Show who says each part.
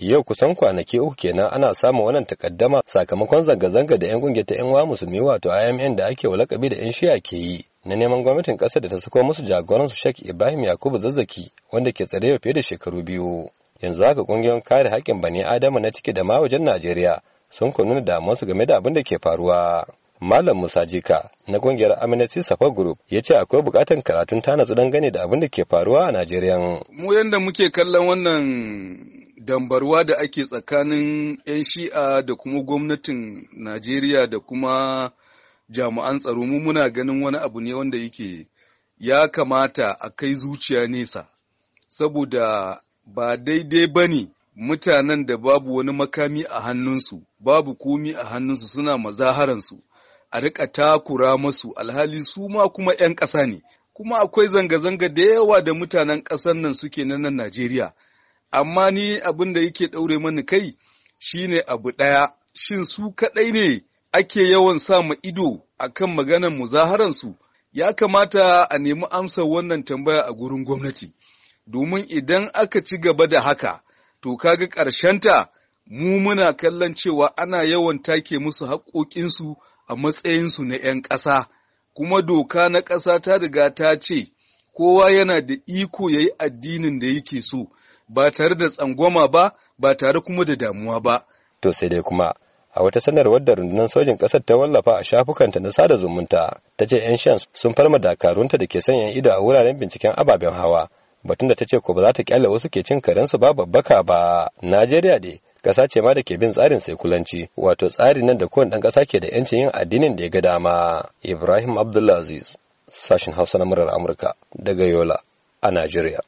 Speaker 1: yau kusan kwanaki uku kenan ana samun wannan takaddama sakamakon zanga-zanga da 'yan kungiyar ta 'yan musulmi wato IMN da ake walakabi da 'yan shiya ke yi na neman gwamnatin ƙasar da ta sako musu jagoransu Sheikh Ibrahim Yakubu Zazzaki wanda ke tsare fiye da shekaru biyu. Yanzu haka kungiyoyin kare haƙƙin bani Adama na ciki da ma Najeriya sun kunu da damuwarsu game da abin da ke faruwa. Malam Musa Jika na kungiyar Amnesty Safa Group ya ce akwai bukatan karatun tana don gane da abin da ke faruwa a Najeriya.
Speaker 2: Mu yanda muke kallon wannan dambarwa da ake tsakanin 'yan shi'a da kuma gwamnatin Najeriya da kuma jami'an tsaro mu muna ganin wani abu ne wanda yake ya kamata a kai zuciya nesa, saboda ba daidai ba ne mutanen da babu wani makami a hannunsu, babu komi a hannunsu suna mazaharansu, a rika takura masu alhali su ma kuma 'yan ƙasa ne, kuma akwai zanga-zanga da yawa da mutanen ƙasar nan suke na nan Najeriya. amma ni abin da yake ɗaure mani kai shine abu ɗaya shin su kaɗai ne ake yawan sa ma ido a kan maganar muzaharansu ya kamata a nemi amsar wannan tambaya a gurin gwamnati domin idan aka ci gaba da haka to kaga ƙarshenta mu muna kallon cewa ana yawan take musu haƙoƙinsu a matsayinsu na 'yan ƙasa kuma doka na ƙasa ta riga ta ce kowa yana da iko ya yi addinin da yake so ba tare da tsangwama ba ba tare kuma da damuwa ba.
Speaker 1: To sai dai kuma a wata sanarwar da rundunar sojin ƙasar ta wallafa a shafukanta na sada zumunta ta ce 'yan shan sun farma dakarunta da ke sanya ido a wuraren binciken ababen hawa batun da ta ce ko ba za ta kyale wasu ke cin karensu ba babbaka ba najeriya ne ƙasa ce ma da ke bin tsarin sekulanci wato tsari nan da kowane ɗan ƙasa ke da 'yancin yin addinin da ya ga dama ibrahim abdulaziz Sashen hausa na murar amurka daga yola a najeriya